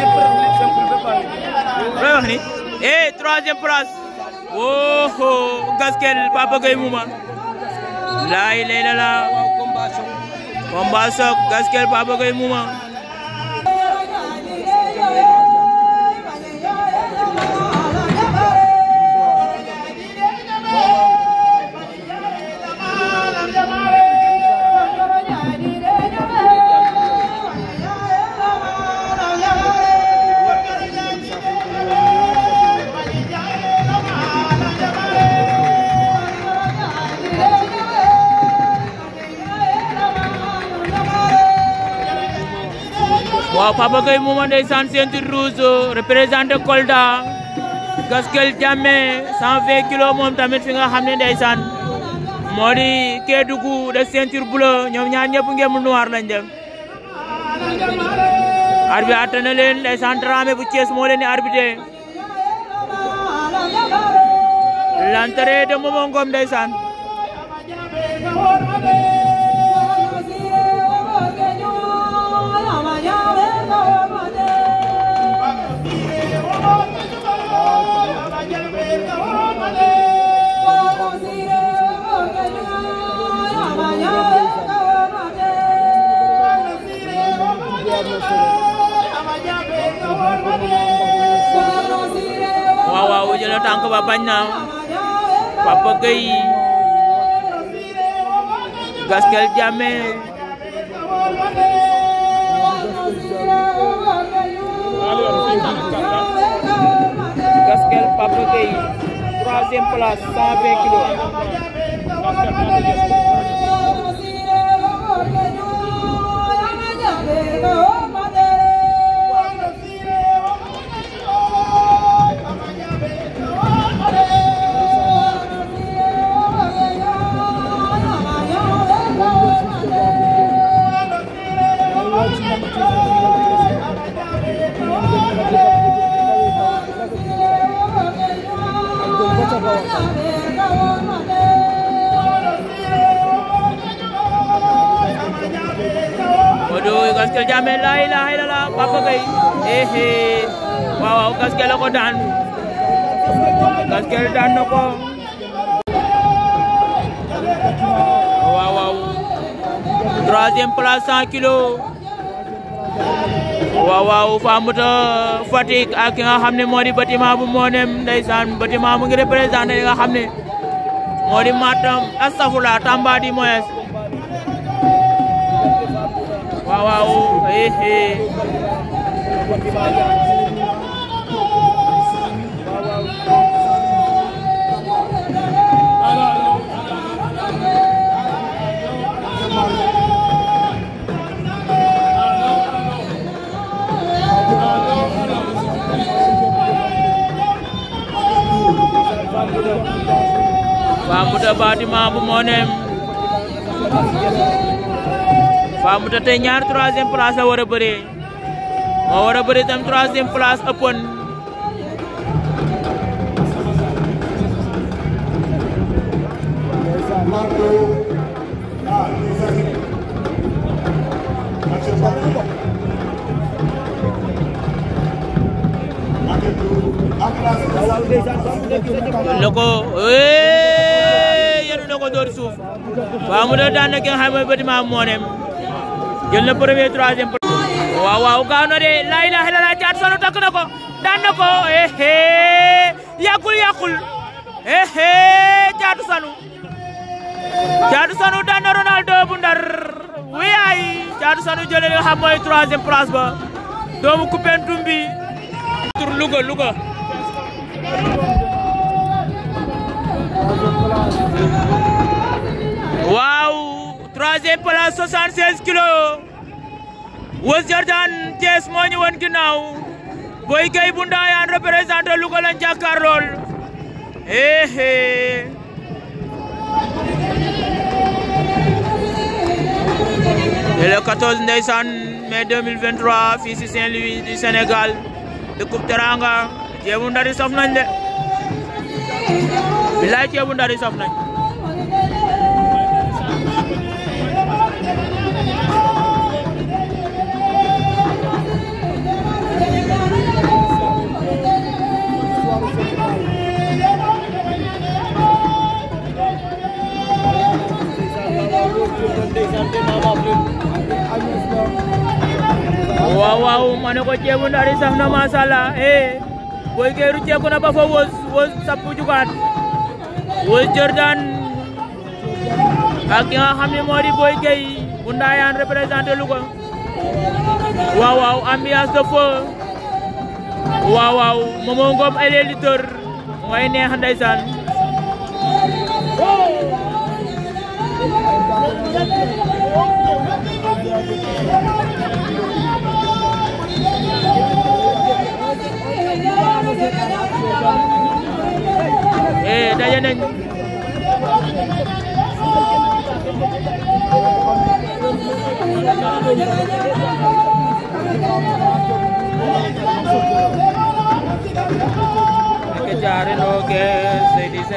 looy wax ni eh troisième woo gaskel Papa Gueye Mouma laay lay la la combat sok gaskel Papa a waaw Papa Gueye Mouma ndeysaan ceinture rouge représenté Kolda Gaskel Diamé 120 kilos tamit fi nga xam ne ndeysaan moo di Kédougou de ceinture bleue ñoom ñaar ñëpp ngeen noir lañ dem arbitre atte na leen ndeysaan Dramé bu Thiès moo leen di arbitré l'entrée de Momo Ngom ndeysaan waaw jël na tànk ba bañ na Papa Gueye Gaskel Diamé Kokel Pape Gueye troisième place 120 kilos troisième place 100 kilos waaw waaw Famouta xam ne moo di bâtiment bu moonem ndeysaan bâtiment mu ngi représenté li nga xam ne moo di Matam astafula Tamba di moyes waaw waaw eh, eh. monem famu tete ñaar 3e place wara beure mo wara beure tam 3e place eppone loko eh. ko door suuf waaw mu doon daan na ki nga xam mooy jël na premier troisième waaw waaw gaaw na de laa ilaaha illa laa takk na ko daan ko ehe eh. yàqul yàqul ehe eh. caatu sanu caatu sanu daan na Ronaldo bu wiyaay caatu sanu jël na li nga xam mooy ba doomu Koupentoum bi tur Louga Louga waaw troisième place 76 kilos Weuz Jordan Thiès moo ñu woon ginnaaw Boy Gueye bu Ndayane représenté Louga lañ jàkkaarlool eh, eh. le 14 ndeysaan mai 2023 fii ci Saint-Louis du Sénégal de Coupe Teranga jéemu ndari Bilai ci ndar yi saf nañ waaw waaw ma ne ko ceebu ndar yi saf na masala eh boy geeru ceebu na ba fa wos wos sappu jugaat Wul Jordan ak ki nga xam ne moo di Boy Gueye bu Ndayane représenté Louga waaw waaw ambiance de feu waaw waaw Momo Ngom Wol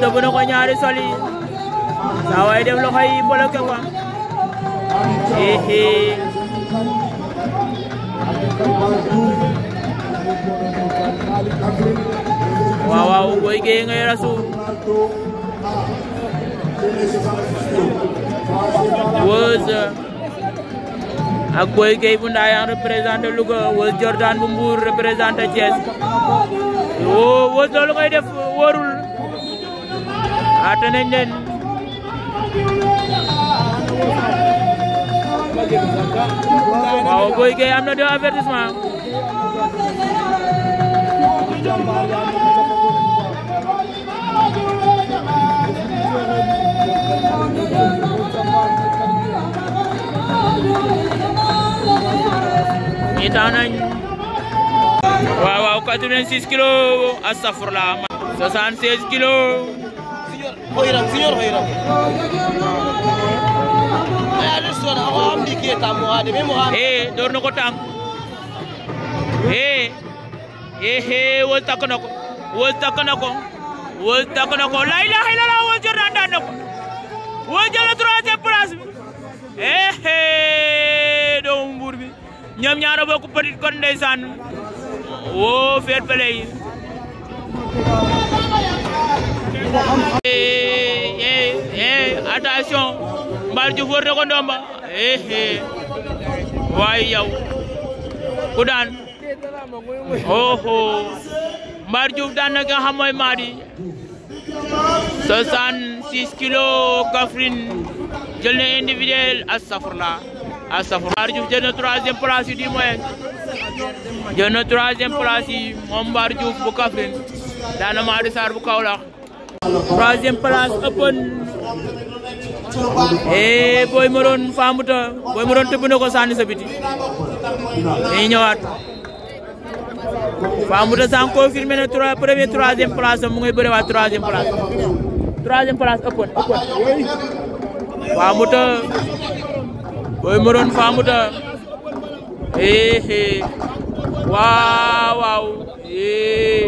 da buna kwa nyari soli Sawai dem lo kai bolo ke he he Wow, wow, Boy Gueye ngay rasu Weuz ak Boy pun bu Ndayane représenté Louga Weuz Jordan bu Mbour représenté Thiès woo Weuz loolu ngay def wóorul ate nañ leen Boy Gueye am na ada avertissement kita nanya. waaw waaw 86 kilo astafurlah 66 kilo hoyram signor hoyram e dor na ko tànk e ehe wol takana ko wol takana ko Laila, laila, ko la ilaha illallah wol jordan dan ko wol jël ehe dong burbi, nyam ñoom ñaar bokk petit kon ndeysaan woo oh, fair play Ehe, eh eh attention mbaal ju for Ehe, ndomba eh eh oho Mbaar Diouf daan na nga xam mooy Madi 66 kilos Kaffrine jël na individuel astafurla astafurla Mbaar Diouf jël na troisième place di moyen jël na troisième place moom Mbaar Diouf bu Kaffrine daan na Madi Sarr bu Kaolack troisième place open eh booy ma doon faamuta booy ma doon tëbb ko sànni sa biti dañuy ñëwaat Famouda Sam confirmé na premier troisième place am place troisième place ëppoon ëppoon Famouda booy moroon Famouda eh waaw waaw eh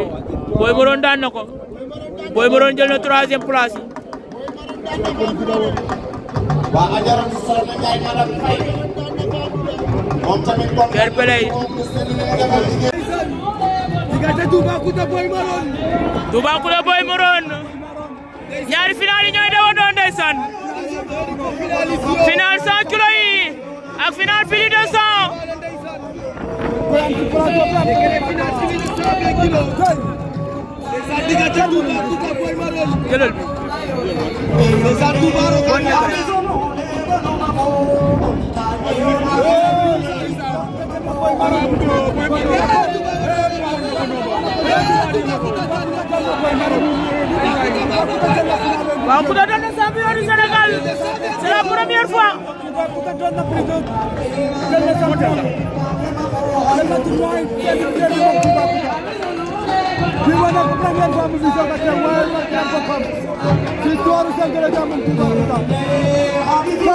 booy moroon daan na ko booy jël na troisième place yi. Fair diggante Toubacouta Boy Maroon. Toubacouta Boy Maroon. ñaari final ini ñooy dawa doon final 100 kilos yi ak final fili 200. waaw Fouta doon na champion du Sénégal c'est la première fois. Fouta doon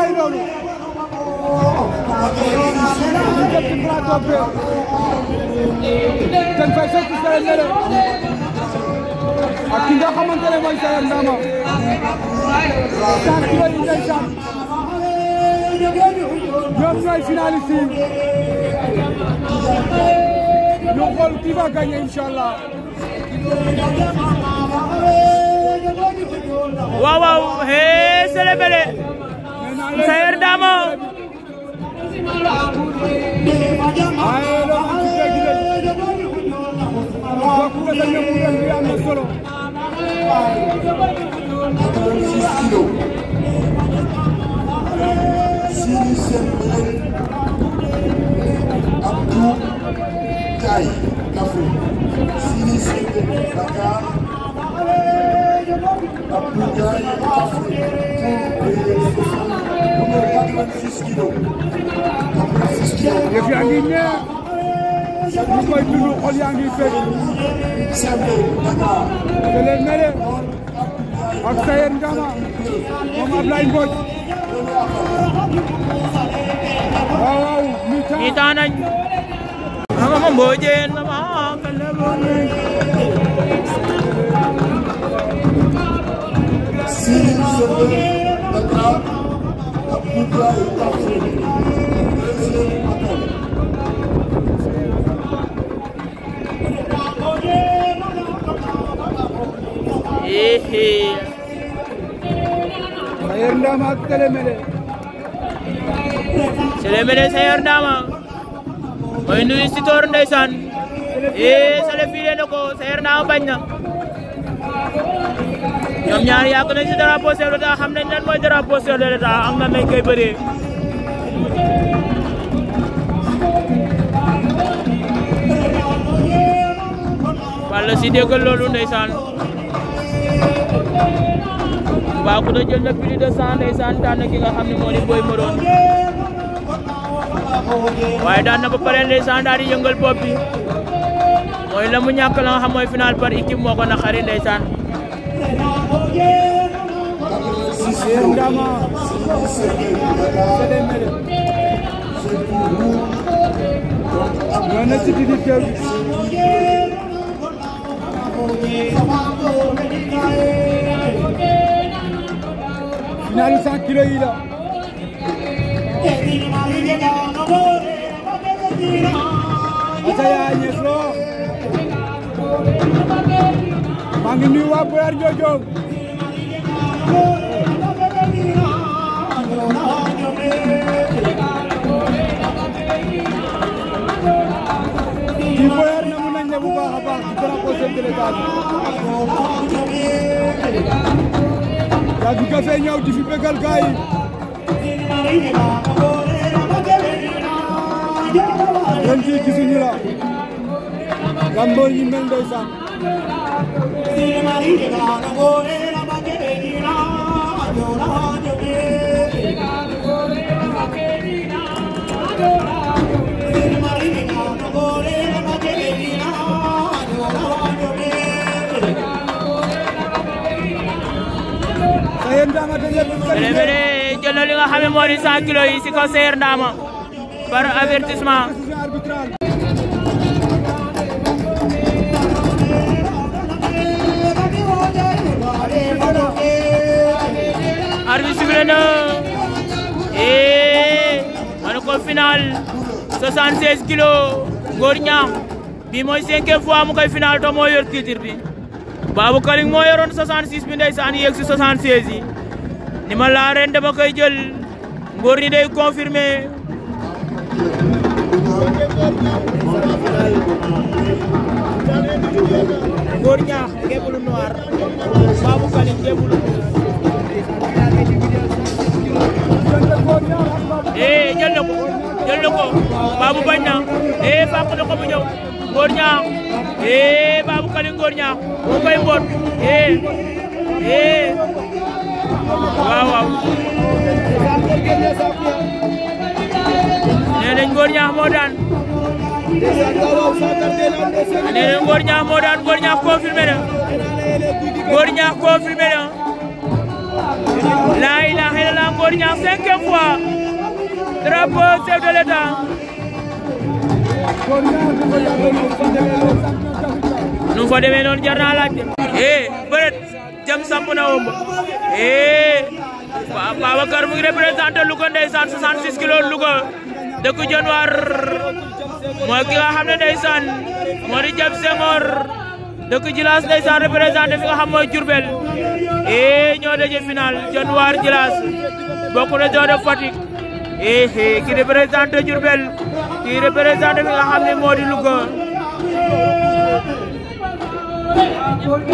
na dañ fay fekk Seye Ndele ak ki nga xamante ne mooy Seye Ndama sax kilo yi ngay sax ñoom ñooy finaliste yi ñu xool qui va gagner inchallah waaw waaw hee Seye Ndele Seye Ndama Dakar, Abuja, Kaffrine yëf yaa ngi neex ñu koy dund xol yaa ngi fekk Télé Mellé ak Sayer Ngama moom Ablaye Mbodj waaw waaw mi taa nañ ama mbojeen ama kale mbojeen si Sayur dama selemele. Selemele sayur dama. Koy nuyu si toor ndeysaan. Eh sele fi leen ko sayur dama ñoom ñaar yàgg nañ ci drapeau chef de l'État xam nañ lan mooy drapeau chef de l'État am na nañ koy bëree walla si déggal loolu ndeysaan waa ku da jël na plus de cent ndeysaan daan na ki nga xam ne moo di Boy Maroon waaye daan na ba pare ndeysaan daal di yëngal bopp bi mooy la mu ñàkk la xam mooy final par équipe moo ko naqari ndeysaan Kundama Selamlarım Mühendisi Didik Devri Finali sen kiloyla Ataya Yesro Mangi Niwa Puer Jojong Sadou Café ñëw di fi bégal gaay ni ren la Thank you. Bélé Bélé jël na li nga xam ne moo di 100 kilos yi si kaw Sayer Ndama par avertissement. arbitre sifflé na eh man ko final 76 kilos góor ñaax bi mooy cinquième fois mu koy final to moo yor titre bi Babou Kaling moo yoroon 66 bi ndeysaan yegg si 76 yi. ni ma laa dama koy jël ngóor ñi day confirmer ngóor ñaax ngeebulu noir baabu kali ngeebulu ee eh, jël na jël na baabu bañ na ee eh, fàq ko mu ñëw ngóor ee eh, baabu kali ngóor ñaax mu koy mboot ee ee waaw waaw nee nañ Ngor Ñaax moo daan nee nañ Ngor Ñaax moo daan Ngor Ñaax confirmé na Ngor na laa ilaaha illallaah Ngor Ñaax cinquième fois drapeau chef de l'État nu mu fa demee noonu jam samp na ëmb eh Babacar mu ngi représenté Louga ndeysaan 66 eh, de Fatick eh, eh, fi nga xam ne moo di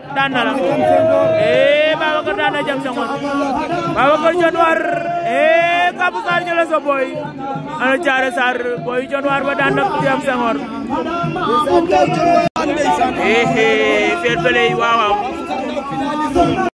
daan na la eh Babacar daan na Jackson Babacar John War eh Kabou Sarr jëla sa boy ana boy John War daan na Jackson eh eh fair play